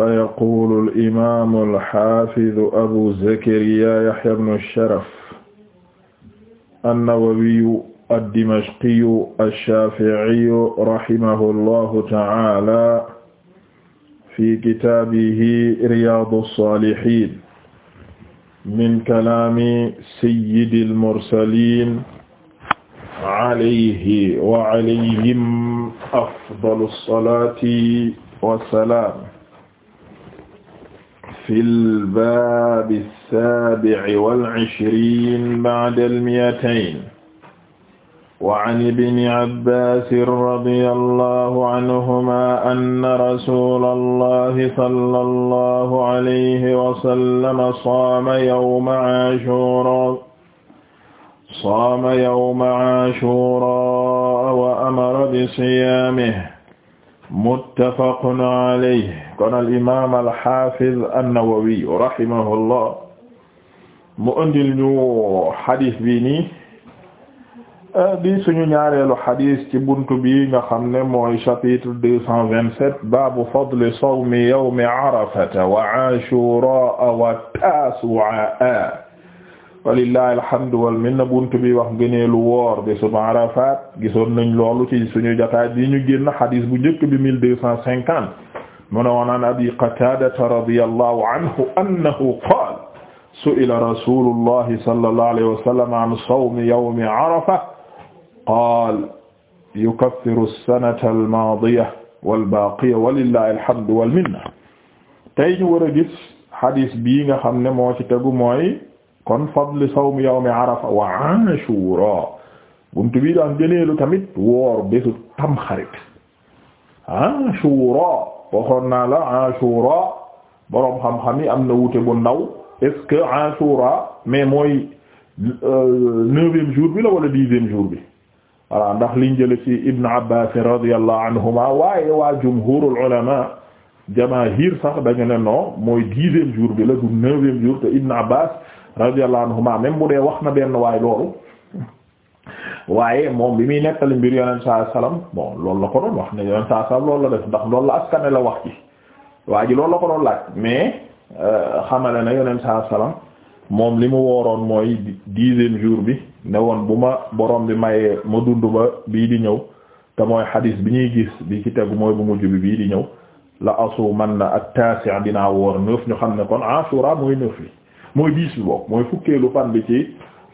فيقول الإمام الحافظ أبو زكريا يحيى بن الشرف النووي الدمشقي الشافعي رحمه الله تعالى في كتابه رياض الصالحين من كلام سيد المرسلين عليه وعليهم أفضل الصلاة والسلام fil baabi saabi'i wal ishriin ba'dal mi'atayn wa 'an ibni abbaasin radiyallaahu 'anhumaa anna rasuulallaahi sallallaahu 'alayhi wa sallam saama yawma 'aashuuraa saama yawma 'aashuuraa wa amara bisiyaamihi muttafaqun alayhi kon al imaam al haafiz an-Nawawi rahimahullah mu andil ñu xadis bi nii di suñu ñaareelu xadis ci buntu bi nga xam ne mooy chapitre deux cent vingt-sept baabu fadli sawmi yawmi arafata wa ashura wa tasu'a walillahi alhamdu wal minna bunt bi wax gëneelu woor bésub Arafat gisoon nañ loolu ci suñu jotaay bi ñu génn xadis bu njëkk bi mille deux cent cinquante mu ne woon an abi qatadata radiyallahu anhu annahu qaala su'ila rasulullahi sallallahu alayhi wa sallam an sawmi yawmi Arafa qaala yukaffiru as-sanata al-maadiyata wal-baaqiyata walillahi alhamdu wal minna tey ñu war a gis xadis bii nga xam ne moo ci tegu mooy kon fadli sawmi yawmi arafa wa ashura buntu bii daan gëneelu tamit woor bésu tamxarit ashura waxoon naa la ashura boroom xam-xam yi am na wuute bu naw est-ce que ashura mais mooy euh, neuvième jour bi la wala dixième jour bi voilà ndax liñ jële ci Ibn Abbas radiyallahu anhuma waaye waa jumhurul ulama jamaahir sax dañu ne mooy dixième jour bi la du neuvième jour Ibn Abbas radiyallahu anhuma même bu dee wax na benn waay loolu waaye moom bi muy nettali mbir yonent saa salaam bon loolu la ko doon wax ne yonent saa salaam la def ndax loolu la askane la wax ci waa ji loolu la ko doon laaj mais euh, xamale na yonent saa salaam moom li mu wooroon mooy dixième jour bi ne woon bu ma borom bi mayee ma dund ba bii di ñëw te mooy xadiis bi ñuy gis bi ci tegu mooy bu mujj bi bii di ñëw la asu man na ak taasi' dinaa woor xam ne kon ashura mooy diis bi bokk mooy fukkeelu fan bi ci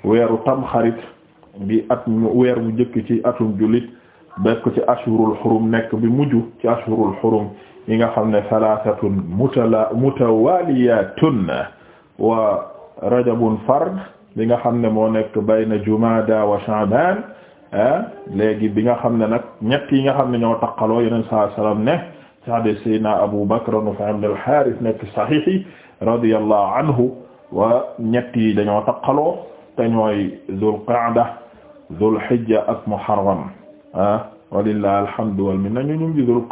weeru tamxarit bi at weer bu njëkk ci atum jullit bekk ci ashurul xurum nekk bi mujj ci ashurul xurum yi nga xam ne salaasatun mutala mutawaliyatun wa rajabun fard bi nga xam ne moo nekk bayna jumada wa sha'ban ah, léegi bi nga xam ne nag ñett yi nga xam ne ñoo taqaloo yeneen saa salaam ne saade sayna Abu Bakr ibn al-Harith nekk saxiix yi radiyallahu anhu waa ñett yi dañoo taqaloo te ñooy Zul Qaada Zul Hijja ak Muharram ah walillahi alhamdu wal minna ñu ñu ngi Zul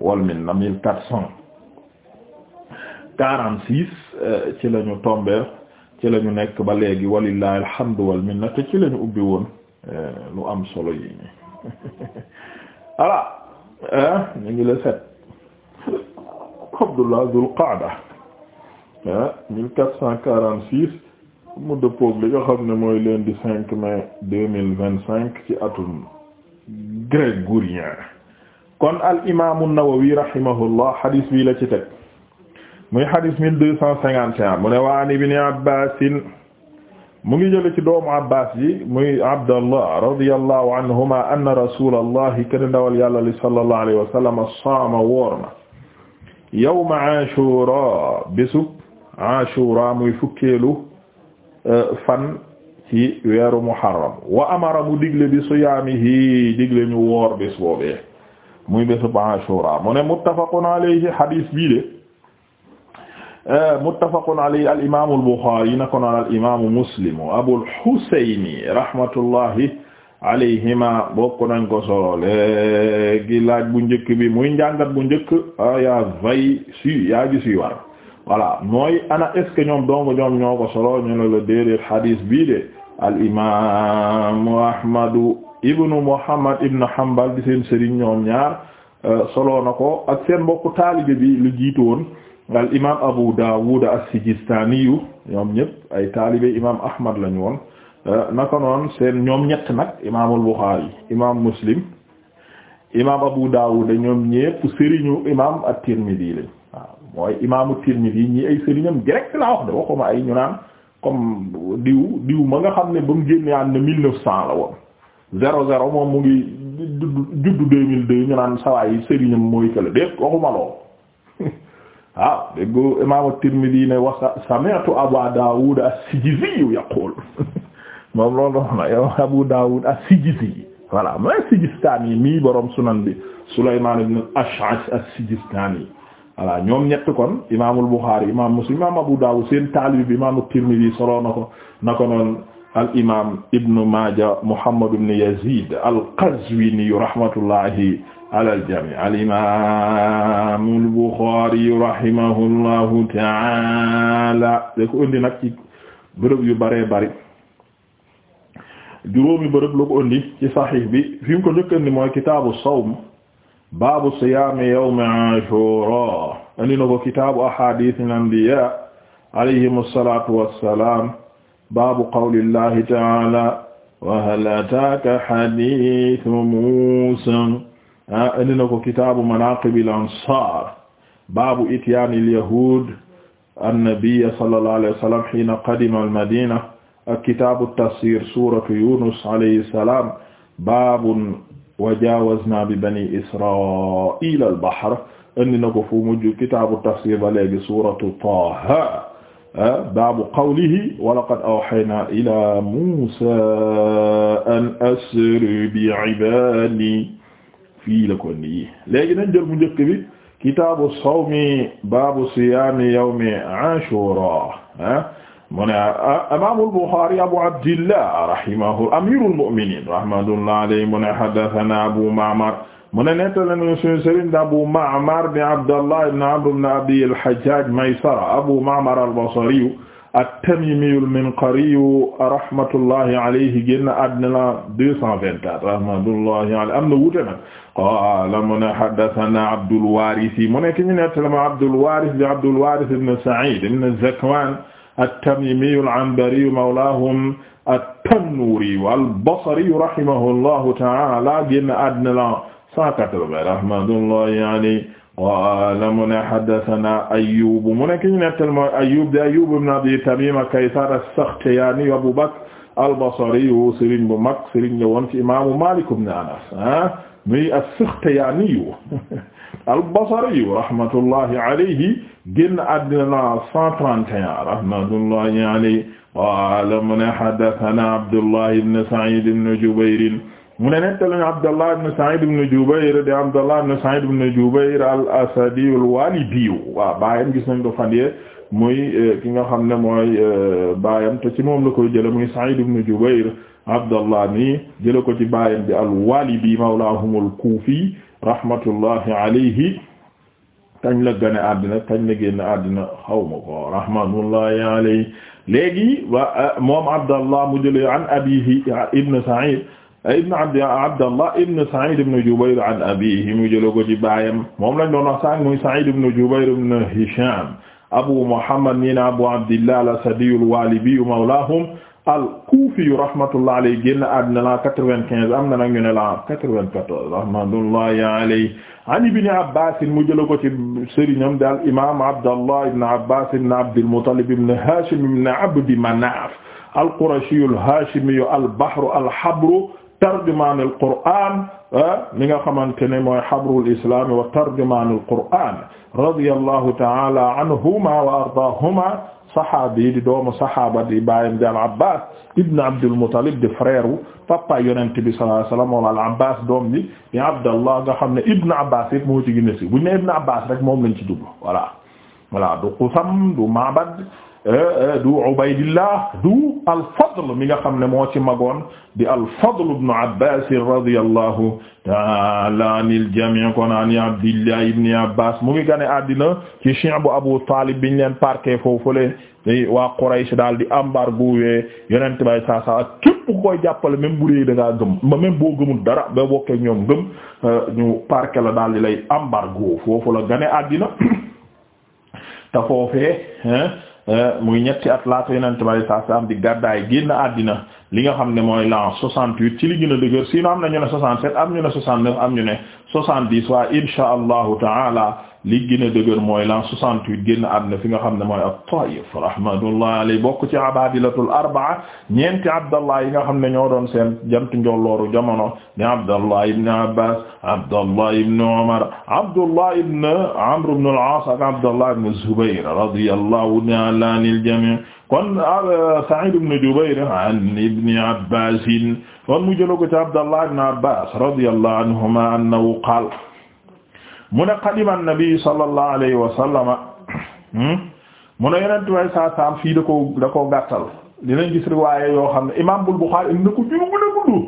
wal minna mille quatre eh, ci lañu ñu ci lañu nekk ba léegi walillahi alhamdu wal ci la ñu ubbi woon eh, lu am solo yi voilà eh, ñu ngi la set 1446 ah, mu dëppoog li nga xam mooy lundi 5 mai ci atum grégorien kon al imaamu Nawawi rahimahullah hadis bi la ci teg muy hadis 1251 mu ne waan ibn Abbas mu ngi jële ci doom Abbas yi muy Abdallah radiyallahu anhuma anna rasulallahi kenn dawal yàlla li so alayhi saama woor na yawma Ashura bésub ashura muy fukkeelu euh, fan ci weeru muharram wa amara mu digle bi siyaamihi digle ñu woor bés boobee muy bésu ashura mu ne muttafaqun alayhi hadis bii de euh, muttafaqun alayhi al imaamu al buxaari na ko naan al rahmatullahi alayhima bokk nañ ko solo léegi laaj bu njëkk bi muy njàngat bu njëkk yaa si yaa gi si war voilà mooy ana est-ce que ñoom donc ñoom ñoo ko solo ñu ne la déedéet hadis bii de al imaamu ahmadu ibnu muhammad ibnu hanbal di seen sëriñ ñoom ñaar euh, solo na ko ak seen mbokku taalibe bi lu jiitu woon al imaam abu daawud as-sijistaaniyu ñoom ñëpp ay taalibe imaam ahmad lañu woon euh, naka noon seen ñoom ñett nag imaamul buxaari imaam muslim imaam abu daawud ñoom ñëpp sëriñu imaam at-tirmidi lañ mooy imaamu Tirmidhi ñi ay sëriñam direct laa wax de waxuma ay ñu naan comme diw diw ma nga xam ne ba mu génne am mille neuf cent la woon zéro zéro moom mu ngi juddu deux mille deux ñu naan sawaay yi sëriñam mooy kële déet waxuma lool waaw ah, déggo imaamu Tirmidhi ne wax sami'tu Aba Dawud as-Sijizi yaqul moom loolu wax na yow Abu Dawud as-Sijizi voilà mooy Sijistani mii borom sunan bi Sulaymaan ibn al-Ash'ash as-Sijistani voilà ñoom ñett kon imaamul Buxaari imaam Muslim imaam Abu Daawud seen taalib bi imaam Tirmidi solo na ko al imaam Ibn Maaja Muhammad ibn Yazid al-Qazwini rahmatullahi ala al-jamii al imaamul Buxaari rahimahullahu taala da ko indi nag ci bërëb yu bare bëri juróomi bërëb la ko ci saxiix bi fi mu ko mooy kitaabu sawm baabu siyaami yawmi ashura andi na ko kitaabu ahadithil anbiya alayhim assalatu wassalam baabu qawli llahi taala wa hal ataaka hadithu muusa andi na ko kitaabu manaqibil ansar baabu ityaanil yahuud annabiyyi sallallahu alayhi wa sallam hiina qadima al-madiina ak kitaabu tafsiir suuratu yunus alayhi salaam baabun wa jaawazna bi bani israil al bahr andi na ko fu mujj kitaabu tafsir ba léegi suratu Taaha baabu qawlihi wa laqad awhaynaa ilaa Muusaa an asri bi ibaadii fii la ko nii léegi nañ jël bu njëkk bi kitaabu sawmi baabu siyaami yawmi Ashura mu ne imaamul Buxaari Abu Abdillah rahimahu amiirul mu'miniin rahmatullahi alayhi mu ne haddasanaa Abu Ma'mar mu ne nettali na suñu sëriñ di Abu Ma'mar di Abdallah ibn Amr ibn Abi al-Hajjaaj Maysara Abu Ma'mar al-Basri at-Tamimi al-Minqari rahmatullahi alayhi génn àddina la 224 rahmatullahi alayhi am na wuute nag qaala mu ne haddasanaa Abdul Waaris mu ne ki ñu nettali ma Abdul Waaris di Abdul Waaris ibn Sa'iid ibn Zakwaan at-Tamimiyu al-Anbariyu mawlaahum at-Tannuuriyu al-Basriyu rahimahullahu ta'aala génn àddina la 180 rahmatullahi alayhi qaala mu ne haddasanaa Ayyuub mu ne ki ñu nettal mooy Ayyuub di Ayyuub ibn Abi Tamiim Kaysaan as-Sakhtiyaaniyu Abuu Bakr al-Basriyu sëriñ bu mag sëriñ la woon ci imaamu Maalik ibn Anas ah, muy as-Sakhtiyaaniyu al-Basri rahmatullahi alayhi génn àddina la 131 rahmatullahi alayhi qaala mu ne haddathana Abdullah ibn Sa'id ibn Jubayr mu ne nettali Abdullah ibn Sa'id ibn Jubayr de Abdullah ibn Sa'id ibn Jubayr al-Asadi al-Walibi waaw baayam gis nañ ko fan yee muy eh, ki nga xam ne mooy eh, baayam te ci moom la koy jële muy Sa'id ibn Jubayr Abdullah ni jële ko ci baayam bi al-Walibi mawlaahum al-Kufi rahmatullahi alayhi kañ la gane àddina kañ la génn àddina xawma ko rahmatullahi alayhi léegi wa moom Abdallah mu jëlee an abiihi ibn Sa'id ibn abd Abdallah ibn Sa'id ibn Jubayr an abiihi mu jëlee ko ci baayam moom lañ doon wax sànq muy Sa'id ibn Jubayr ibn Hisham Abu Muhammad ñi ne Abu Abdillah al-Asadi al-Walibi mawlahum al-Kufi rahmatullahi alayhi génn àddina la 95 am na nag ñu ne la 94 rahmatullahi alayhi an Ibn Abbas mu jël ko ci sëriñam daal imaam Abdallah ibn Abbas ibn Abdil Muttalib ibn Hashim ibn Abdi Manaf al-Qurashi al-Hashimi al-Bahru al-Habru tarjumaan al-Qur'an ah, mi nga xamante ne mooy habrul islam wa tarjumaan al-Qur'an radiyallahu ta'ala anhuma wa ardaahuma saxaabi di doomu saxaaba di baayam di al Abbaas ibn Abdul Muttalib di frère wu papa yonent bi sallallahu alayhi wasallam wala al Abbaas doom bi di Abdallah nga xam ne ibn Abbaas rek moo ci gën a si buñ ne ibn Abbaas rek moom lañ ci dugg voilà voilà du Qusam du Ma'bad Eh, eh, du Ubaydillah du al mi nga xam ne moo ci magoon di al-Fadl ibn Abbas radiyallahu ta'ala anil jami' Abdillah ibn Abbas mu ngi gane àddina ci bu Abu Talib biñ leen parqué foofule waa Quraysh daal di embargo yonent bay saa saa képp ku koy jàppale même bu dee da ngaa gëm ma même boo dara ba bokkee ñoom gëm eh, ñu parke la daal di lay embargo foofu la gane àddina te foofee Euh, muy ñetti at laata yonent bi saa saa am di gàddaay génn àddina li nga xam ne mooy l'an 68 ci li gën a dëgër sinon am na ñu ne 67 am ñu ne 69 am ñu ne 70 waaye insha allahu taala. li gën a dëgër mooy lan 68 génn àdduna fi nga xam ne mooy at-Taif rahmatullahi alayhi bokk ci abadilatul arbaa ñeenti abdallah yi nga xam ne ñoo doon seen jant njollooru jamono ni abdallah ibn abbas abdallah ibn umar abdallah ibn amr ibn al-aas ak abdallah ibn zubayr radiyallahu ta'ala anil jami' kon euh, Sa'id ibn Jubayr i ibn Abbas kon mu jël ko ci i ibn abbas radiyallahu anhuma annahu qaala mu ne qadima nabi sallallahu alayhi wa sallama hmm? mu ne yeneen tubaab saa saam fii da ko da koo gàttal dinañ gis riwaaye yoo xam ne imaam bul Buxaari indi na ko fi mu a gudd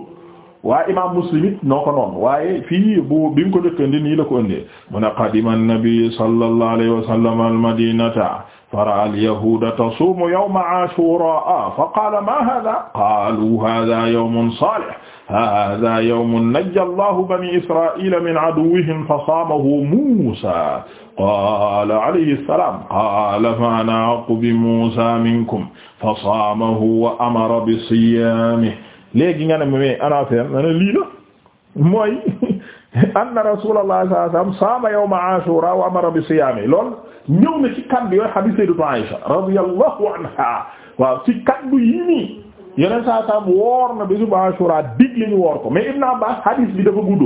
waaye imaam Muslim it noo ko noonu waaye fii bu bi nga ko dëkkandi nii la ko ëndee mu ne qadima nabi sallallahu alayhi wa al madinata fara alyahuda tasuumu yawma aashuuraa ah, fa qaala maa haadaa qaaluu haadaa yawmun saalih haadaa yawmun najja allahu banii israa'iila min aduwwihim fa saamahu muusaa qaala alayhi salaam qaala fa ana aqu bi muusaa minkum fa saamahu wa amara bi siyaamihi léegi nga ne ma ana affaire nga ne lii la mooy anna rasulallah sallallahu alayhi wasallam saama yawma ashura wa amara bi siyaami lool ñëw na ci kaddu yooyu hadith sayyidatu Aisha radiyallahu anha waaw ci kaddu yi nii yeneen saa saam woor na bisu ashura digle ñu woor ko mais Ibn Abbas hadith bi dafa gudd.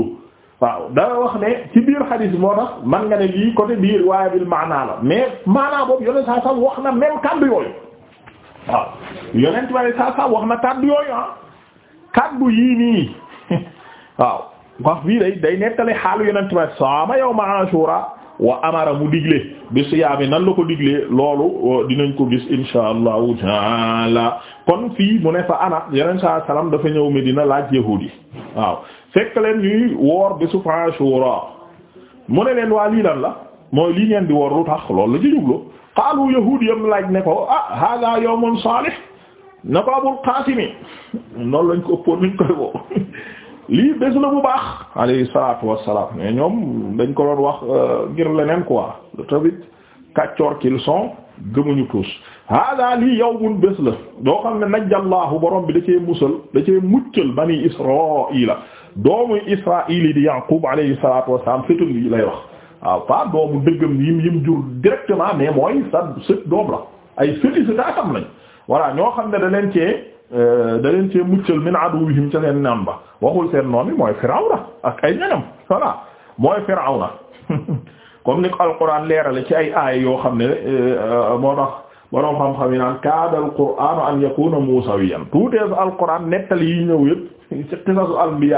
waaw da wax ne ci biir hadith bi moo tax man nga ne lii côté biir waaye bil maanaa la mais maanaa boobu yeneen saa saam wax na même kaddu yooyu waaw yeneen saa saam wax na kaddu yooyu ah. kaddu yii nii waaw. wax fii day day nettali xaalu yonent bi saama yawma ashura wa amara mu digle bi siyaami nan la ko diglee loolu dinañ ko gis insha allahu taala kon fii mu ne fa ana yeneen saa salaam dafa ñëw Medina laaj yahuud yi waaw fekk leen ñuy woor bi su Ashura mu ne leen waa lii lan la mooy lii ngeen di woor lu tax loolu la ci jublu qaalu yahuud yam laaj ne ko ah hada yawmun salih na ko Abul Qaasimi noonu lañ ko ëppoon nañ koy woo lii bés la bu baax alayhi salaatu wassalaam mais ñoom dañ ko loon wax euh, ngir leneen quoi tamit kàccoor qu'ils sont gëmuñu tous hada lii yawmun bés la doo xam ne najjallaahu borom bi da cee musal da cee muccal bani israila doomu israili di yaqub alayhi salaatu wassalaam fétam yi lay wax waaw pas doomu dëggam yim yim jur directement mais mooy sa sët doom la ay féti sa taatam lañ voilà ñoo xam ne da cee da leen cee muccal min aduwihim ca seen noon waxul seen noon bi mooy Firawna ak ay ñanam voilà mooy Firawna comme ni ko alquran leerale ci ay aaya yoo xam ne euh, moo tax borom xam-xam yi naan kaada alquranu an yakuna musawiyan tuuteesu alquran nettali yi ñëw yëpp ci qisasu yi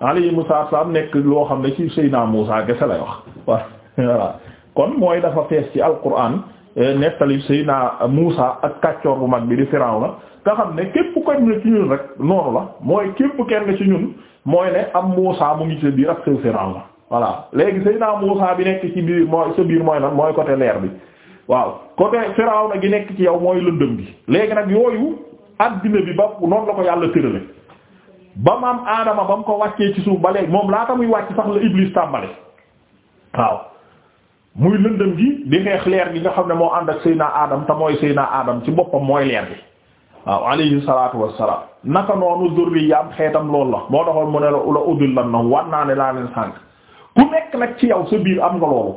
alayhi musa nekk loo xam ne ci Seydina Musa gese lay wax voilà kon mooy dafa fees ci alquran Euh, nettali Seydina Muusa ak kàccoor bu mag bi di Firawna nga xam ne képp kenn ci ñun rek noonu la mooy képp kenn ci ñun mooy ne am Muusa mu ngi ci biir ak Firawna voilà léegi Seydina Muusa bi nekk ci biir mooy sa biir mooy nag mooy côté leer bi waaw côté na gi nekk ci yow mooy lëndëm bi léegi nag yooyu addina bi ba noonu la ko yàlla tërale ba maam Adama ba mu ko wàccee ci suuf ba léegi moom laata muy wàcc sax la Iblis tàmbale waaw muy lëndëm gi di xeex leer gi nga xam ne moo ànd ak Seyna Adam te mooy Seyna Adam ci boppam mooy leer bi waaw alayhi salaatu wassalaam naka noonu zurriyaam xeetam loolu la moo taxoon mu ne la ula udil lan na war naa ne laa leen sànk ku nekk nag ci yow sa biir am nga loolu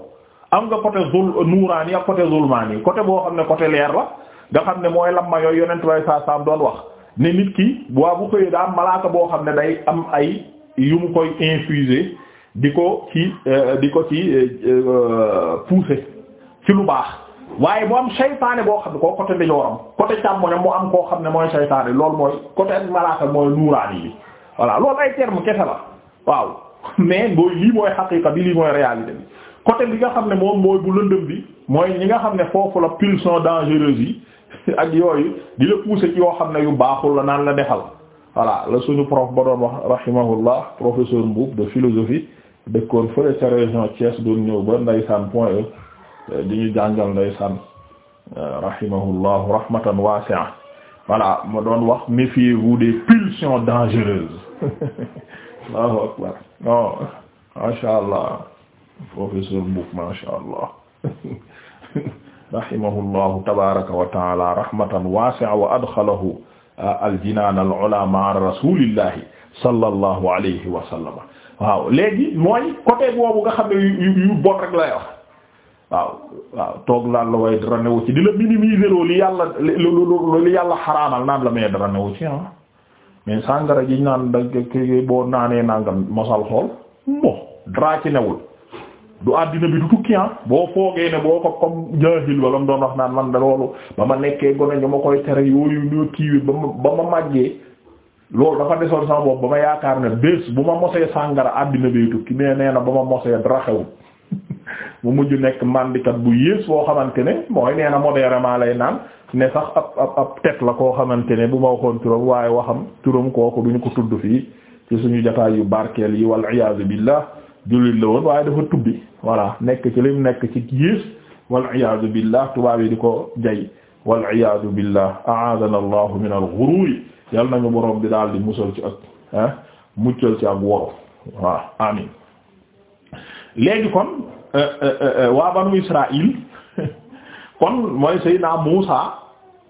am nga côté zul nuuraani ak côté zulmaani côté boo xam ne côté leer la nga xam ne mooy lamma yooyu yonent way saa saam wax ne nit ki bu waa bu xëyee daa malaaka boo xam ne day am ay yu mu koy infusé di ko ci euh, di ko ci euh, euh, pousser ci lu baax waaye mu am saytaane boo xam ne koo côté ndeyjooram côté càmmoñam mu am koo xam ne mooy saytaane loolu mooy côté malaaka mooy nuuraani bi voilà loolu ay terme kese la waaw mais booy lii mooy xaqiiqa bi lii mooy réalité bi côté bi nga xam ne moom mooy bu lëndëm bi mooy ñi nga xam ne foofu la pulsion dangereuse yi ak yooyu di la pousser ci yoo xam ne yu baaxul la naan la defal voilà la suñu prof ba doon wax rahimahullah professeur Mboub de philosophie dëkkoon fële ca région Thiès doon ñëw ba ndeysaan point e eh, di ñu jàngal ndeysaan eh, rahimahullahu rahmatan wasi'a voilà ma doon wax méfiez-vous des pulsions dangereuses Allahu akbar non masha Allah professeur Mboup masha Allah rahimahullahu tabaraka wa taala rahmatan wasi'a wa adxalahu eh, al jinaan al ula ma'a rasulillahi sallallahu alayhi wa sallam waaw léegi mooy côté boobu nga xam ne yu yu bon rek lay wax waaw waaw toog naan la waaye dara newu ci di la minimiser yàlla li yàlla xaraamal naan la mais dara newu ci ah mais sàngara ji naan da boo naanee nangam mosal xool bon dara ci newul du àddina bi du tukki ah boo foogee ne boo ko comme jaahil wala mu doon wax naan man da loolu ba ma nekkee gone ñu ma koy tere yooyu ñoo kiiwee ba ma ba loolu dafa desoon sama bopp ba ma yaakaar ne bés bu ma mosee sàngara àddina bay tukki mais nee na ba ma mosee dara xewul mu mujj nekk mandikat bu yées boo xamante ne mooy nee na modérément lay naan ne sax ab ab ab tet la koo xamante ne bu ma waxoon turam waaye waxam turam kooku duñu ko tudd fii ci suñu jotaay yu barkeel yi wal iyaazu billah jullit la woon waaye dafa tubbi voilà nekk ci lim nekk ci yées wal iyaazu billah tubaab yi di ko jay wal iyaazu billah a'aadana yal nañu borom bi daal di musal ci ak ah muccal ci ak woro waaw amin léegi kon euh, euh, euh, waa banu Israil kon mooy Seydina Muusa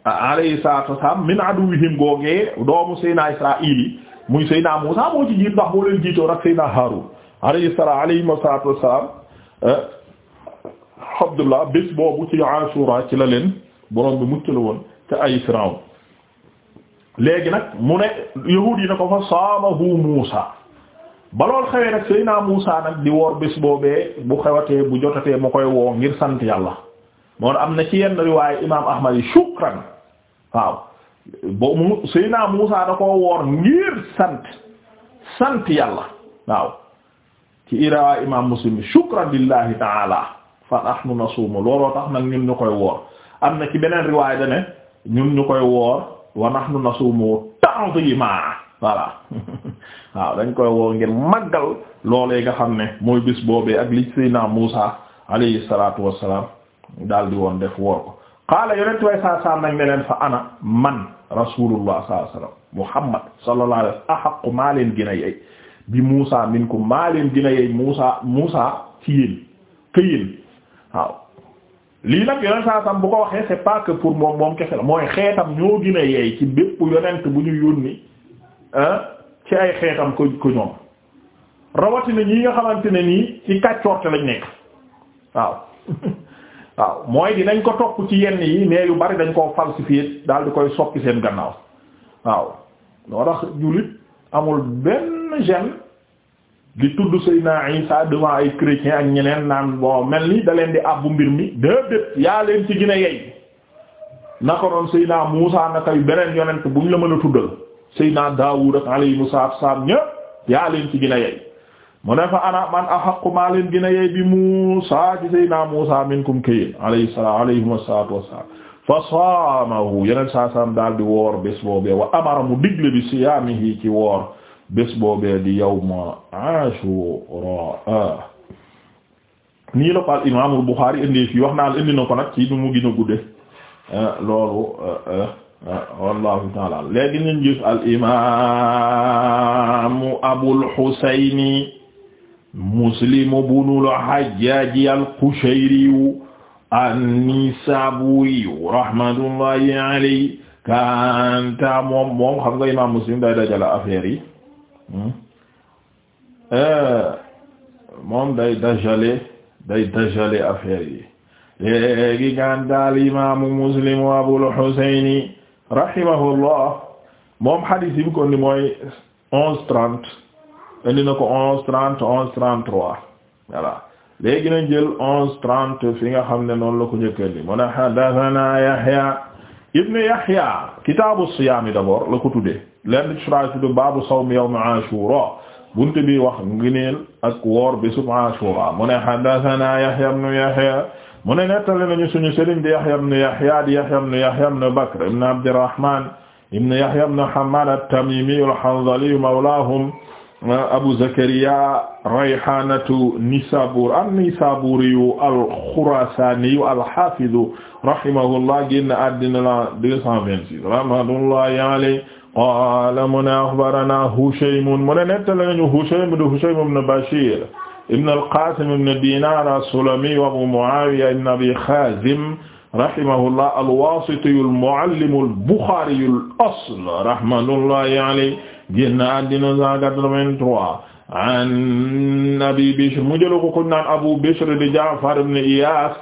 alayhi salaatu wassalaam min aduwwihim googee doomu Seydina Israil yi muy Seydina Muusa moo ci jiit ndax moo leen jiitoo ak Seydina Haarun alayhi salaatu wassalaam Abdullah bés boobu ci Ashura ci la leen borom bi muccal woon te ay Firawna léegi nag mu ne yahuud yi ne ko fa saamahu Muusa ba lool xewee nag Seydina Muusa nag di woor bés boobee bu xewatee bu jotatee mu koy woo ngir sant yàlla moom am na ci yenn riwaayu imaam mu Seydina Muusa woor ngir sant sant yàlla waaw ci riwaayu imaam Muslim shukran lillahi ta'ala fa nahnu nasuumu looloo tax nag ñun ñu koy woor am na ci beneen riwaay da ne ñun ñu koy woor. wa nahnu nasumu ta'zima voilà waaw dañ koy woo ngir màggal loolee nga xam ne mooy bis boobee ak li Seydina Muusa alayhi salaatu wassalaam daal di woon def woor ko qaala yonent way saa saa nañ ne leen fa ana man rasulullah sallallahu alayhi wasallam muhammad sallallahu alayhi wasallam ahaqu maa leen bi Muusa minkum maa leen gën a yey Muusa Muusa ci yéen këyéen waaw lii nag yonent saa sam bu ko waxee se pas pour moom moom kese la mooy xeetam ñoo gën a yeey ci bépp yonent bu ñu yónni ci ay xeetam ko ko ñoom rawatina ñi nga xamante ne nii ci kàccoorte lañ nekk waaw waaw mooy dinañ ko topp ci yenn yi mais yu bari dañ koo falsifier daal di koy soppi seen gannaaw waaw noo tax jullit amul benn gêne di tudd Seydina Isa devant ay chrétiens ak ñeneen naan bon mel ni da leen di àbbu mbir mi déedéet yaa leen ci gina yey naka noonu Seydina Muusa naka yu beneen yonent bu ñu la mën a tuddal Seydina Daawud ak alayhimu salaam ñëpp yaa leen ci gina yey mu ne fa ana man ahaqqu maa leen gina yey bi Muusa ci Seydina Muusa minkum kayil alayhi salaam alayhimu salaatu wassalaam fa saamahu yeneen saa saam daal di woor bés boobee wa amara mu digle bi siyaamihi bés boobee di yawma ashura nii la ko al imaamul Buxaari indi fii wax naa la indi na ko nag ci nu mu gën a gudde loolu wallahu al imaamu al Qushayri an-Nisaabuuri rahmatullahi alayhi kanta moom moom xam nga Muslim day dajale affaire yi Hmm? Euh, moom day dajale day dajale affaire yi léegi gaan daal imaamu Muslim wa Abul Husayn rahimahullah moom hadith yi mu mooy onze trente indi na ko onze trente onze trente trois voilà léegi na jël onze trente fi nga xam ne noonu la Yahya Ibn Yahya kitaabu siyaam d'abord la ko tuddee lenn sura tudd baabu sawm yawm Ashura buntu bi wax ngëneel ak woor bésub Ashura mu ne haddathana Yahya ibn Yahya mu ne nettali nañu suñu sëriñ di Yahya ibn Yahya di Yahya ibn Yahya ibn Bakr ibn Abdirrahman ibn Yahya ibn Hammad at-Tamimi al-Hanzali mawlahum Abu Zakariya rayhanatu Nisabur an-Nisaburiyu al-Khurasaniyu al-Hafidu rahimahullah génn àddina la 226 rahmatullahi alayhi qala mu ne akhbarana Hushaym mu ne nettali nañu Hushaym de Hushaym ibn Bashir ibn al-Qasim ibn Dinar as-Sulami wa Abu Muawiya ibn Abi Khazim rahimahullah al-Wasitiyu al-Muallim al-Bukhariyu al-asl rahmatullahi alayhi génn àddina 183 an Abi Bishr mu jël ko ko naan Abu Bishr di Ja'far ibn Iyas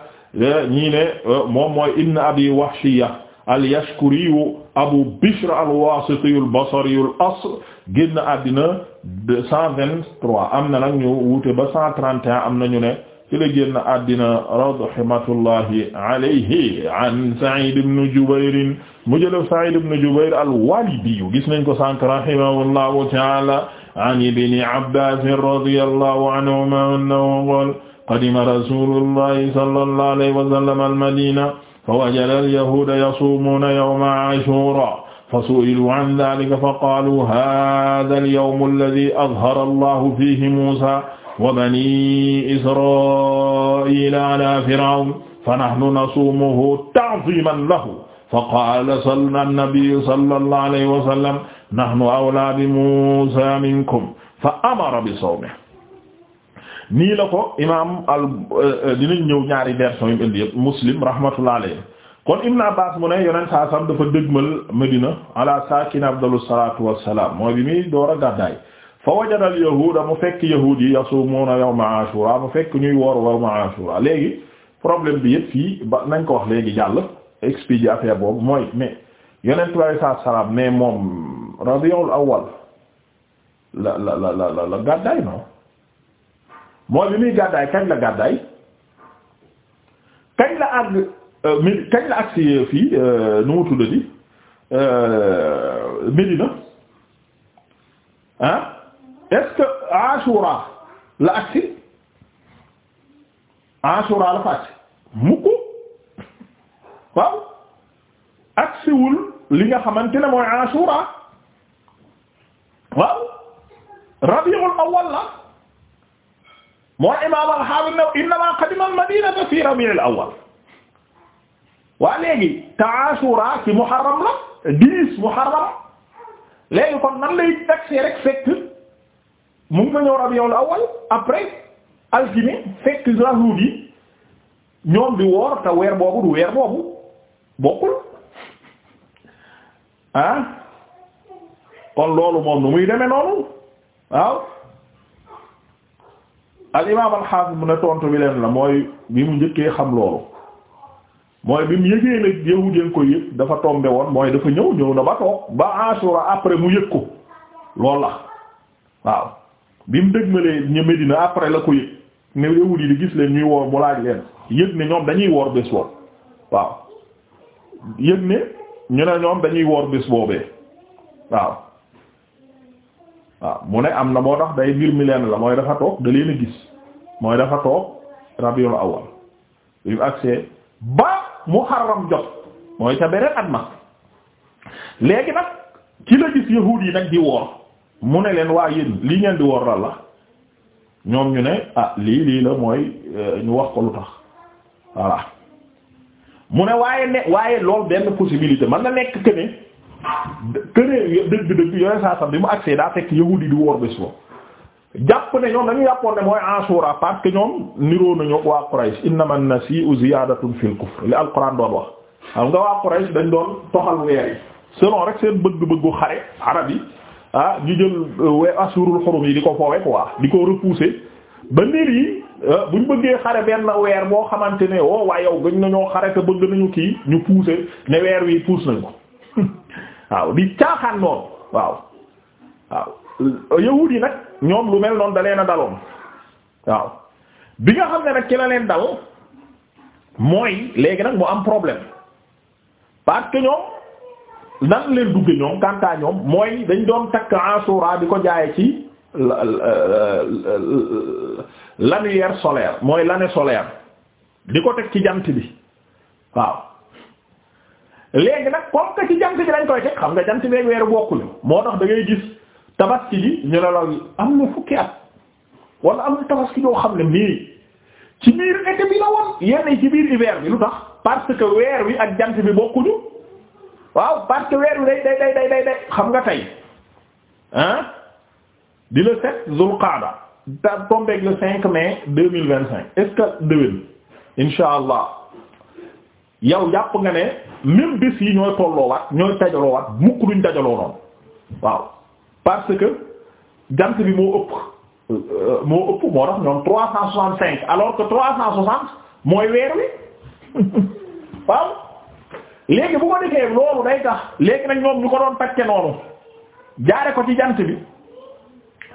ñii ne moom mooy ibn Abi Wahshiya al-Yashkuri Abu Bishr al-Wasiti al-Basri al-asl génn àddina 123 am na nag ñu wuute ba 131 am na ñu ne ci la génn àddina rahmatullahi alayhi an Sa'id ibn Jubayr mu jël Sa'id ibn Jubayr al-Walidi gis nañ ko sànq rahimahullahu ta'ala an ibn Abbas radiyallahu anhuma annahu qala qadima rasulullahi sallallahu alayhi wa sallam al-madina fawajada al-yahuda yasumuna yawma ashura fasu'ilu an dhalika faqalu hadha al-yawm alladhi adhhara Allahu fihi Musa wa bani israila ala firawn fa nahnu nasuumuhu ta'ziman lahu fa qaala an-nabiyyu sallallahu alayhi wa sallam nahnu awlaa bi Muusaa minkum fa amara bi sawmihi nii la ko imaam al euh, dinañ ñëw ñaari version yi mu indi yëpp Muslim rahmatullahi alayhi kon Ibn Abbas mu ne yonent saa sam dafa dëgmal Medina ala saakina afdalu salaatu wassalaam mooy bi muy door a gàddaay fa wajada al yahuda fekk yahuud yi yasumuuna yawma ashura mu fekk ñuy woor yawma ashura léegi problème bi yëpp fii ba nañ ko wax léegi jàll expliquer affaire boobu mooy mais yonent bi saa salaam mais moom rabiul awwal la la la la gàddaay non mooy bi muy gàddaay kañ la gàddaay kañ la àgg euh, mi kañ la agsi euh, fii euh, nu mu tuddati Médina ah. est-ce que la agsi Ashura la fa agsi mukk waaw agsiwul li nga xamante ne mooy Ashura waaw Rabiul Awwal la moo imaam al-Hafiz ne innama qadima al-madinata fi Rabiul Awwal waa léegi te Ashura ci Muharram la dix Muharram léegi kon nan lay agsi rek fekk mu ngi fa ñëw Rabiul Awwal après altine fekk Yahuud yi ñoom di woor te weer boobu du weer boobu bokkul ah kon loolu moom nu muy demee noonu waaw al imaam al xaafis mu ne tontu bi leen la mooy bi mu njëkkee xam loolu mooy bi mu yëgee nag yahudeen ko yëg dafa tombe woon mooy dafa ñëw ñëw na ba toog ba Ashura après mu yëg ko loolu la waaw bi mu dëgmalee ñu Medina après la ko yëg ne yawut yi di gis leen ñuy woor bu laaj leen yëg ne ñoom dañuy woor bés boobu waaw yëg ne ñu ne ñoom dañuy woor bés boobee waaw waaw mu ne am na moo tax day mbir mi leen la mooy dafa toog da leen gis mooy dafa toog rabiul awal bi mu agsee ba muharram jot mooy ca beneen at ma léegi nag ci la gis yahuud yi nag di woor mu ne leen waa yéen lii ngeen di woor la ñoom ñu ne ah lii lii la mooy euh, ñu wax ko lu tax voilà mu ne waaye ne waaye loolu benn possibilité man na nekk que ne que ne dëgg-dëgg yooyu saa sax bi mu agsee daa fekk yahudi di woor bés ba jàpp ne ñoom dañu yàppoon ne mooy Ashura parce que ñoom niroo nañu waa Quraysh innama an-nasi'u ziyadatun fil kufr li al-Qur'an doon wax nga waa Quraysh dañ doon toxal weer yi selon rek seen bëgg-bëggu xare arab yi ah ñu jël euh, we assurul xurum yi di ko ko quoi di ko repousser ba niir yi euh, buñ bëggee xare benn weer boo xamante ne oh waaye yow gëñ nañoo xare te bëgg nañu kii ñu pouse ne weer wi pousse nañ ko waaw di caaxaan noonu waaw waaw euh, yahuud yi nag ñoom lu mel noonu da leen a daloon waaw bi nga xam ne nag ci la leen dal mooy léegi nag mu am problème parce ñoom nan leen dugge ñoom kantaa ñoom mooy dañ doon takk asura bi ko jaay ci l'annuaire solaire mooy l'année solaire di ko teg ci jant bi waaw léegi nag comme que ci jant bi lañ koy teg xam nga jant beeg weeru bokkuñu moo tax dangay ngay gis tabaski bi ñu ne la am na fukki at wala am na tabaski yoo xam ne nii ci biir été bi la woon yenn ci biir hiver bi lu tax parce que weer wi ak jant bi bokkuñu. waaw parce que weer wi day day day day day xam nga tey ah di le sept zulqaada da tombeeg le cinq mai deux mille vingt cinq est déwén insha allah yow jàpp nga ne même bés yi ñooy tolloowaat ñooy dajaloowaat mukk duñ dajaloo noonu waaw parce que jant bi moo ëpp euh, moo ëpp moo tax ñoom trois cent soixante cinq alors que trois cent soixante mooy weer wi waaw léegi bu ko defee loolu day tax léegi nag ñoom ñu ko doon takke noonu jaare ko ci jant bi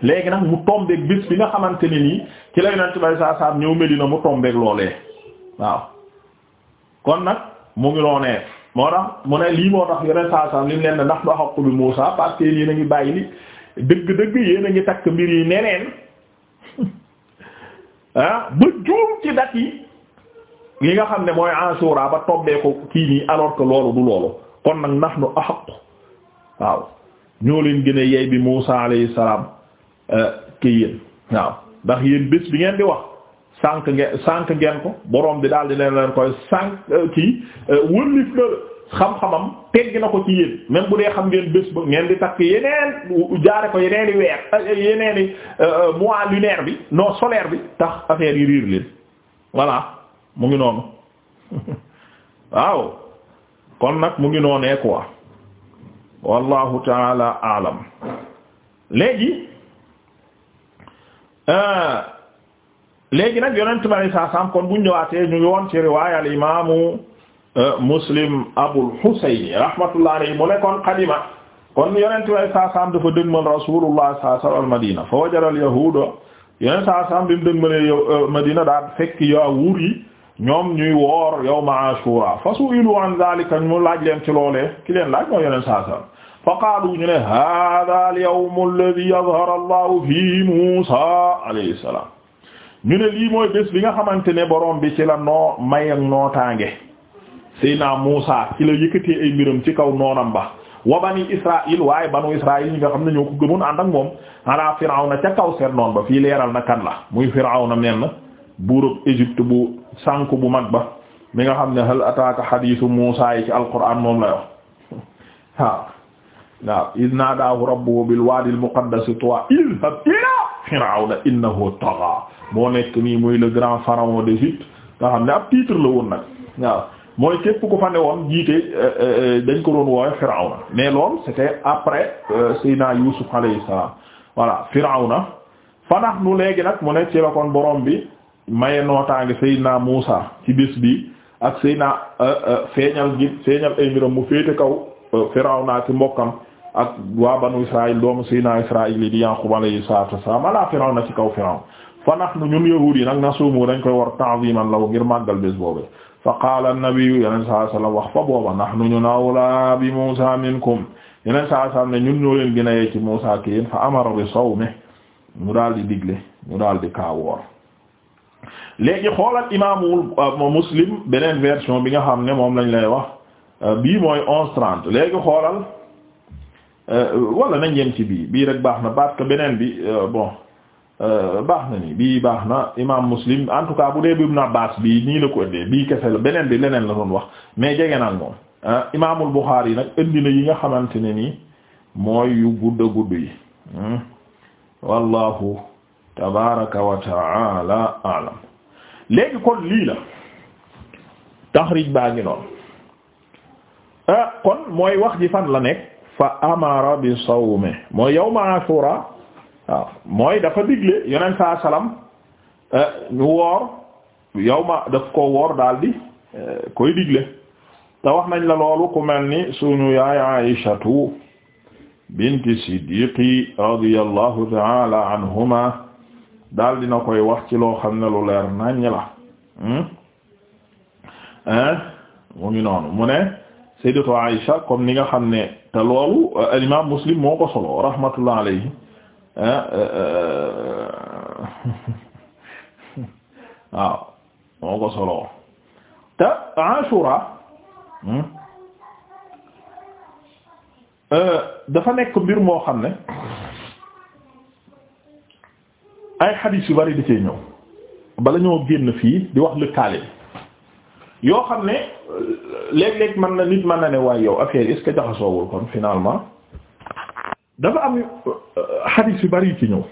léegi nag mu tombeek bis bi nga xamante ne nii ci la yonent bay saa saam ñëw Medina mu tombeek loolee waaw kon nag mu ngi loonee moo tax mu ne lii moo tax yonent saa saam li mu leen ndax du xaq bi Muusa parce que yéen ngi bàyyi li dëgg-dëgg yéen a ngi takk mbir yi neneen ah ba juum ci dat yi li nga xam ne mooy Ashura ba tombee ko kii nii alors que loolu du loolu kon nag nahnu ahaq waaw ñoo leen gën a yey bi Muusa alayhi salaam euh, ke yéen waaw ndax yéen bés bi ngeen di wax sànq ngeen sànq ngeen ko borom bi daal di leen leen koy sànq euh, kii euh, wëlif na xam-xamam teggi na ko ci yéen même bu dee xam ngeen bés ba ngeen di takk yeneen jaare ko yeneen i weer yeneen i mois lunaire bi non solaire bi tax affaire yi riir leen voilà mu ngi noonu waaw kon nag mu ngi noonee quoi wallahu taala alam léegi euh, léegi nag yonent bari saa saam kon bu ñëwaatee ñu ngi woon ci riwaaya al imaamu euh, muslim abul husayni rahmatullahi alayhi mu ne kon qadima kon yonent bari saa saam dafa dëgmal rasulullah saa al madina fa wajara al yahuuda yonent saa saam bi mu euh, madina daal fekk yaa wuur yi ñoom ñuy woor yawma ashura fa su'ilu an zalika ñu laaj leen ci loolee ki leen laaj moo yeneen saa saa fa qaalu ñu ne hada al yawm alladhi azhara allahu fihi musa ñu ne lii mooy bés bi nga xamante ne borom bi ci la noo may ak nootaange Seydina Muusa ci la yëkkatee ay mbiram ci kaw noonam ba wa bani Israil waaye banu Israil ñi nga xam ne ñoo ko gëmoon ànd ak moom ala Firawna ca kaw seen noon ba fii leeral na kan la muy Firawna mel na buurub Égypte bu sànku bu mag ba mi nga xam ne hal ataaka xadiisu Muusaa yi ci alquraan moom la yo waaw waaw iz naadaahu rabbuhu bil waadil muqaddasi tuwaa izhab ilaa firawna innahu taghaa moo nekk nii muy le grand pharaon d'Égypte nga xam ne ab titre la woon nag mooy képp ku fa ne woon jiite eh, eh, dañ ko doon woowe firawna mais loolu c'était après euh, Seydina Yuusuf alayhi salaam firawna fa nahnu léegi nag mu ne ci la kon borom bi maye nootaange Seydina Muusa ci bés bi ak Seydina euh, euh, feeñal gi feeñal ay mbiram mu féete kaw euh, Firawna ci mbokkam ak waa banu Israël doomu Seydina Israël yi di Yaqub alayhi salaatu wassalaam ala Firawna ci kaw Firawna fa nahnu ñun yahuud yi nag nasuumu dañ koy war ta'ziiman lahu ngir màggal bés boobu fa qaala an-nabiyyu sallallahu wax fa booba nahnu ñun awlaa bi Muusa minkum yeneen saa ne ñun ñoo leen gën a yee ci Muusa ki yéen fa amara bi sawmi ñu daal di digle ñu daal di kaawoor léegi xoolal imaamu euh, muslim beneen version bi nga xam ne moom lañ lay wax euh, bii mooy onze trente léegi xoolal euh, wala nañ yem ci bii bii rek baax na parce que beneen bi bon baax na ni bii baax na imaam muslim en tout cas bu dee bi naa baat bii nii la ko indee bii kese la beneen bi leneen la doon wax mais jege naan moom imaamul Buxaari nag indi na yi nga xamante ne nii mooy yu gudd a gudd yi hmm? wallahu tabaraka wa taala alam léegi kon lii la taxrij baa ngi noonu ah kon mooy wax ji fan la nekk fa amara bi sawme mooy yawma ashura waaw mooy dafa digle yonent saa salam eh, ñu woor yawma daf ko woor daal di eh, koy digle te wax nañ la loolu ku mel ni suñu yaay aïshatu binti siddiqi radiyallahu taala anhuma daal dina koy wax ci loo xam ne lu leer nañ la hmm? mu ngi noonu mu ne sayyidatu Aisha comme ni nga xam ne te loolu euh, imaam Muslim moo ko solo rahmatullah alayhi euh, euh, moo ko solo te Ashura hmm? dafa nekk mbir moo xam ne ay xadiis yu bari da cee ñëw bala ñoo génn fii di wax lëkkaale bi yoo xam ne léeg-léeg mën na nit mën na ne waaye yow affaire est-ce que jaxasoowul kon finalement dafa am euh, xadiis yu bari ci ñëw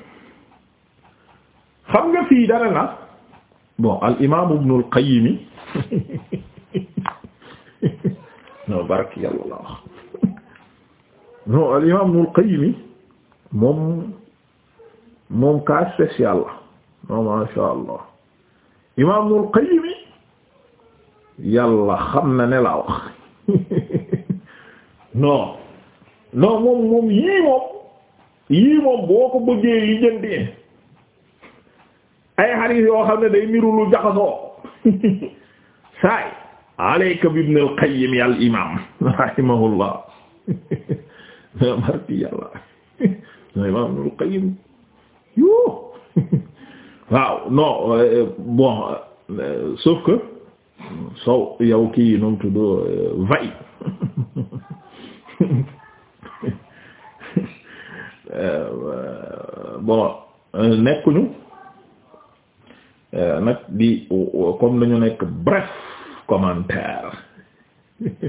xam nga fii dara na bon al imaam ibnu al qayyim non barki yàlla wax non al imaam ibnu al qayyim moom moom cas spécial la moom ma sha allah imaam Ibnul Qayyim yàlla xam na ne laa wax non non moom moom yii moom yii moom boo ko bëggee yi jëndee ay xarit yoo xam ne day niru lu jaxasoo saay alayka bi Ibn al-Qayyim al imam rahimahullah marki yàlla imam Ibn al-Qayyim waaw non euh, bon euh, sauf que sow yow kii nu mu tudd euh, bon nekkuñu nag di comme nañu nekk bref commentaire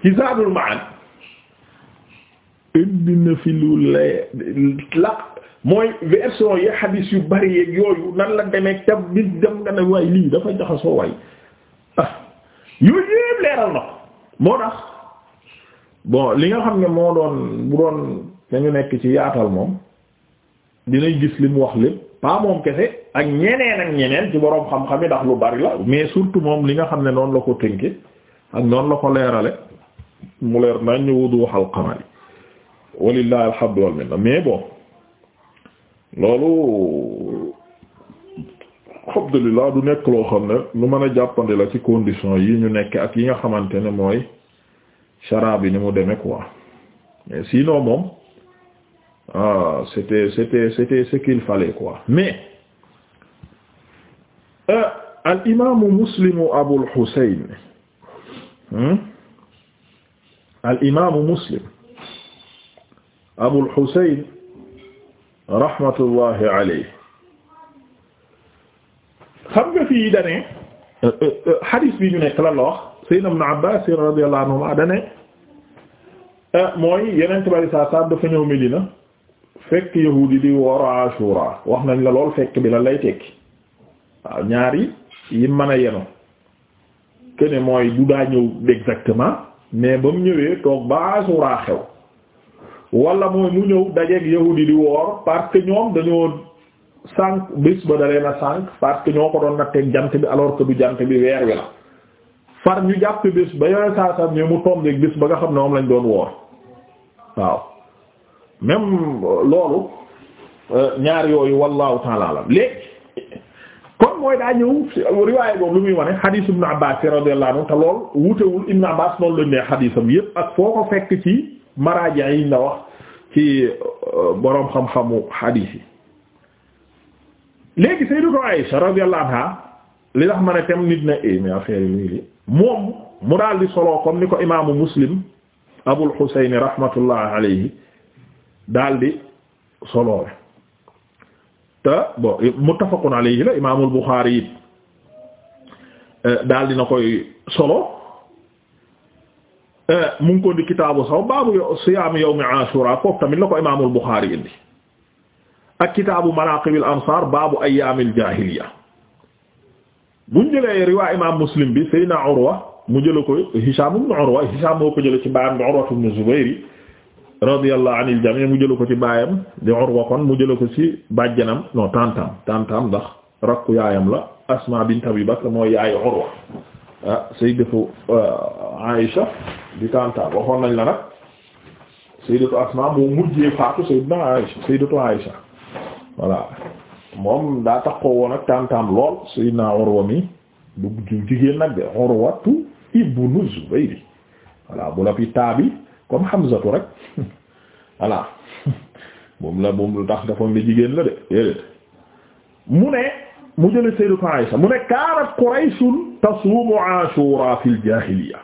ci Zaadul Ma'ad indi na fi lu lay la mooy version yi xadiis yu bari yooyu nan la demee te bis dem nga ne dafa jaxasoo waay ah yooyu leeral na moo tax bon li nga xam ne moo doon bu doon dañu nekk ci yaatal moom dinañ gis li mu wax lépp pas moom kese ak ñeneen ak ñeneen ci boroom xam-xam yi ndax lu bari la mais surtout moom li nga xam ne noonu la ko tënke ak noonu la ko leerale mu leer nañ ñu waxal xamari walillahi alhamdu wal minna mais bon loolu alhamdulillah du nekk loo xam ne lu mën a jàppandi la ci condition yi ñu nekk ak yi nga xamante ne mooy chara bi ni mu demee quoi mais sinon moom ah c'était c'était c'était ce qu'il fallait quoi mais euh, al imaamu muslimu Abul Husayn hmm? al imaamu muslim Abul Husayn rahmatullahi alayhi xam nga fii dane euh, euh, euh, hadith bi ñu nekk lan la wax Sayyidina Ibn Abbas radiyallahu anhuma dane mooy yeneen bari saa saa dafa ñëw Medina fekk yahuudi di woor Ashura wax nañ la lool fekk bi lan lay tekki waaw ñaari yi mën a yenu kene mooy du daa ñëw exactement mais ba mu ñëwee toog ba Ashura xew wala mooy mu ñëw dajeeg yahudi di woor parce que ñoom dañoo sànq bis ba dalee na sànq parce que ñoo ko doon natteeg jant bi alors que du jant bi weer wi la far ñu jàpp bis ba yore saa saa ñëw mu tombeeg bis ba nga xam ne moom lañ doon woor waaw même loolu euh, ñaar yooyu wallahu taala alam léegi kon mooy daa ñëw riwaay boobu lu muy wane xadiis ibnu Abbaas radiyallahu anhu te lool wutewul ibnu Abbaas noonu lañ ne xadiisam yépp ak foo ko fekk ci maraaji yiñ la wax ci euh, boroom xam-xamu xadiis yi léegi sayyidatu Aisha radiyallahu anha li tax ne tam nit na eh, mais affaire yi nii li mu daal di solo comme ni ko imaamu Muslim Abul Husayn rahmatullah alayhi daal di solo te bon muttafaqun alayhi la imaamul Buxaari it eh, daal koy solo Eh, mu ngi ko di kitaabu saw baabu siyaam yawmi ashura foofu tamit la ko imaamul Buxaari indi ak kitaabu manaaqibil ansaar baabu ayyaamil jaahiliya buñ jëlee riwaa imaam Muslim bi Seydina Urwa mu jëla ko Hishaam ibn Urwa Hishaam moo ko jëlee ci baayam di Urwa ibn Zubayr radiyallahu anil jamii mu jëla ko ci baayam di Urwa kon mu jëla ko ci bàjjanam non tantam tantam ndax rakku yaayam la Asmaa bint Abi mooy yaayu Urwa Ah, sayyidatu euh, Aïcha di tantaam waxoon nañ la nag sayyidatu Asma moo mujjee faatu sayyidna Aïcha sayyidatu moom daa taxoo woon ak tantaam lool sayyidna Urwa mi du jigéen nag de Urwatu ibnu Zubayr voilà bu la fi taabi lu tax dafa ne jigéen la de déedéet mu ne mu jële sayyidatu Aïcha mu ne kaanat Qurayshun tasuumu ashura fil jaahiliya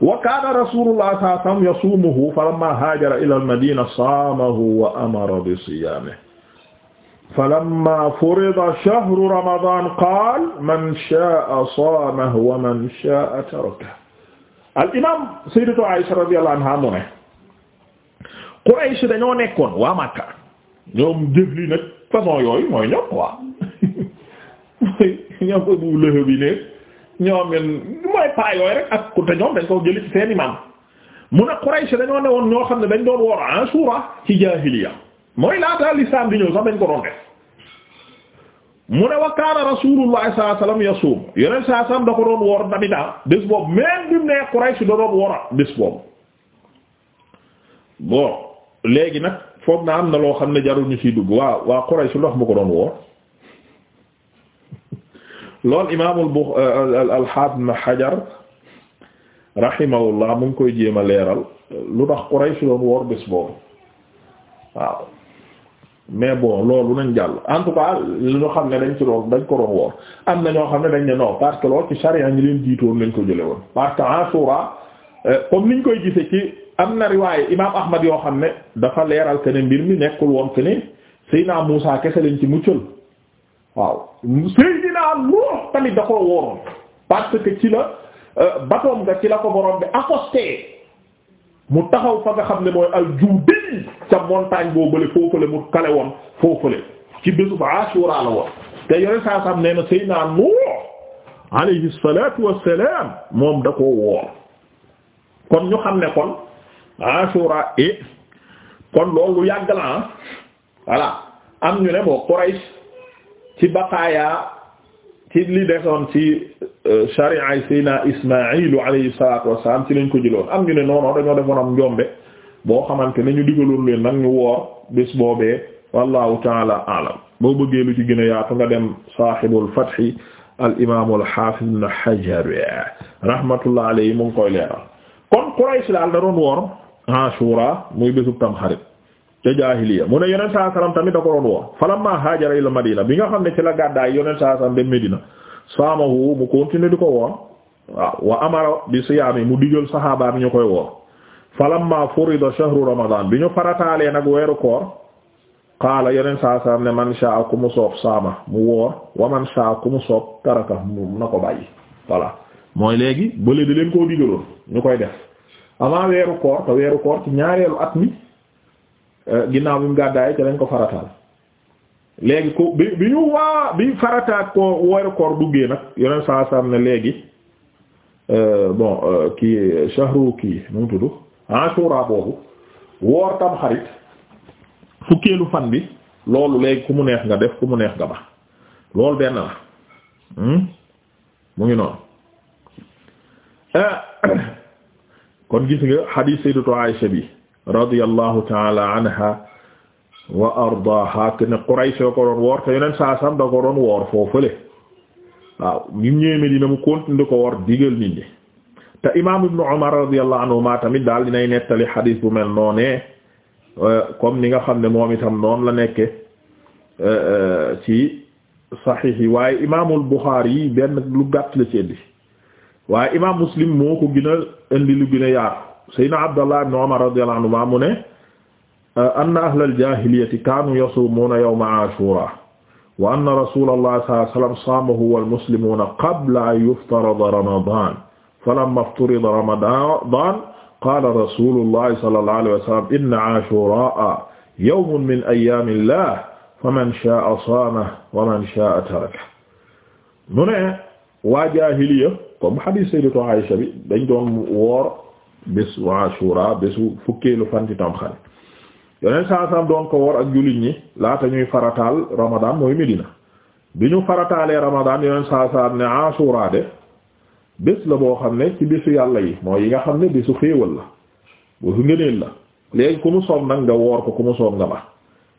wa kaana rasuulullah sallallahu alayhi wa sallam yasuumuhu falammaa haajara ilal madiina saamahu wa amara bisiyaamihi falammaa furida shahru ramadaan qaala man shaa'a saamahu wa man shaa'a tarakahu. al imaam sayyidatu Aisha radiyallahu anha mu ne Quraysh dañoo nekkoon waa Makka ñoom jëf li nag façon yooyu mooy ñoom quoi. ñoom Abu Lahab yi nekk ñoom mooy paa rek ak ku te ñoom dañ ko jëli ci seen imaam mu ne Quraysh dañoo ne woon ñoo xam ne dañ doon woor Ashura ci jaahiliya mooy laata lislaam di ñëw sax dañ ko doon def mu ne wa kaana Rasuulullahi sallallahu yasuum yeneen saa salaam da ko doon woor dabita bés boobu même bi mu ne Quraysh da doon woora bés boobu bon léegi nag foog na am na loo xam ne jarul ñu ciy dugg waa waa Quraysh lu wax mu ko doon woor. lool imaamul bu euh, alxaafid na xajar rahimahullah mu ngi koy jéem a leeral lu tax Quraysh doon woor bés boobu waaw mais boo loolu nañ jàll en tout cas lu ñu xam ne dañ ci doon dañ ko doon woor am na ñoo xam ne dañ ne non parce que lool ci charia ñi leen jiitoon lañ ko jële woon parce que Ashura euh, comme niñ koy gise ci am na riwaaye imaam Ahmad yoo xam ne dafa leeral ke mbir mi nekkul woon ke ne Seydina Muusaa kese lañ ci muccal waaw Seydina Nuux tamit da koo wóoroon parce que ci la euh, batoom nga ci la ko borom bi accosté mu taxaw fa nga xam ne mooy aljuudi ca montagne boo bële foofale mu kale woon foofale ci bésub Ashura la woon te yore saa sam nee na Seydina Nuux alayhi salaatu wassalaam moom da koo wóor kon ñu xam ne kon Ashura et eh, kon loolu yàgg la ah voilà am ñu ne boo Quraysh ci baqaaya ci li desoon ci euh, sharia yi sayna ismailu alayhi salatu wassalam ci lañ ko jëloon am ñu ne noonon dañoo defoon am njombe boo xamante ne ñu digaloon leen nag ñu woor bés boobee wallahu taala aalam boo bëggee lu ci gën a yaatu nga dem sahibul fathi al imam al hafiz ibn hajar rahmatullah alayhi mu ngi koy leeral kon Quraysh daal da doon woor ashura muy bésub tamxarit ca jaahiliya mu ne yonent saa salaam tamit da ko doon woor falammaa haajara ila madina bi nga xam ne ci la gàddaay yonent saa salaam dem Medina saamahu mu continuer di ko woor waaw wa amara bi siyaami mu digal saxaabaam ñu koy woor falammaa furida shahru ramadaan bi ñu farataalee nag weeru koor qaala yonent saa ne man shaa ku mu soob saama mu woor wa man shaa ku mu soob taraka na ko bàyyi voilà mooy léegi bële di leen koo digaloon ñu koy def avant weeru koor at mi. Euh, ginnaaw bi mu gàddaay ca lañ ko farataal léegi ku bi bi ñu waa bi farataak ko weeru koor duggee nag yeneen saa saam ne léegi euh, bon euh, kii shahru kii mu mu tudd ashura boobu woor tam xarit fukkeelu fan bi loolu léegi ku mu neex nga def ku mu neex nga ba loolu benn la hmm? mu ngi noonu kon gis nga xadiis sayyidatu Aisha bi radiyallahu taala anha wa ardaaha ne Quraysh ko doon woor te yeneen saa da ko doon woor foofule waaw ñu ñëwee Medina mu continué ko woor digal nit ñi te imaam Ibn Umar radiyallahu anhuma tamit daal dinay nettali xadiis bu mel noonee euh, comme ni nga xam ne moom itam noonu la nekke euh, euh, ci saxiix yi waaye imaamul Buxaari yi benn lu gàtt la ci indi waaye imaam Muslim moo ko gën a indi lu gën a saydna abdallah ibn umar radiyallahu anhuma mu ne anna ahla al-jahiliyyati kaanu yasumuuna yawma ashura wa anna rasulallah sallallahu alayhi wa sallam saamahu wal muslimuuna qabla an yuftarada ramadan falamma ifturida ramadan qaala rasulullah sallallahu alayhi wa sallam inna ashura yawmun min ayyaami llah faman shaa'a saamahu wa man shaa'a tarakahu mu ne waa jaahiliya comme hadith sayyidatu Aisha bi dañ doon woor bés wa Ashura bésu fukkeelu fan ci Tamxarit yeneen saa doon ko wor ak jullit ñi laata ñuy farataal Ramadan mooy Medina bi ñu farataalee Ramadan yeneen saa ne Ashura de bés la boo xam ne ci bésu yàlla yi mooy yi nga xam ne bésu xéewal la bésu ngëneel la léegi ku mu soob nag nga woor ko ku mu soob nga ba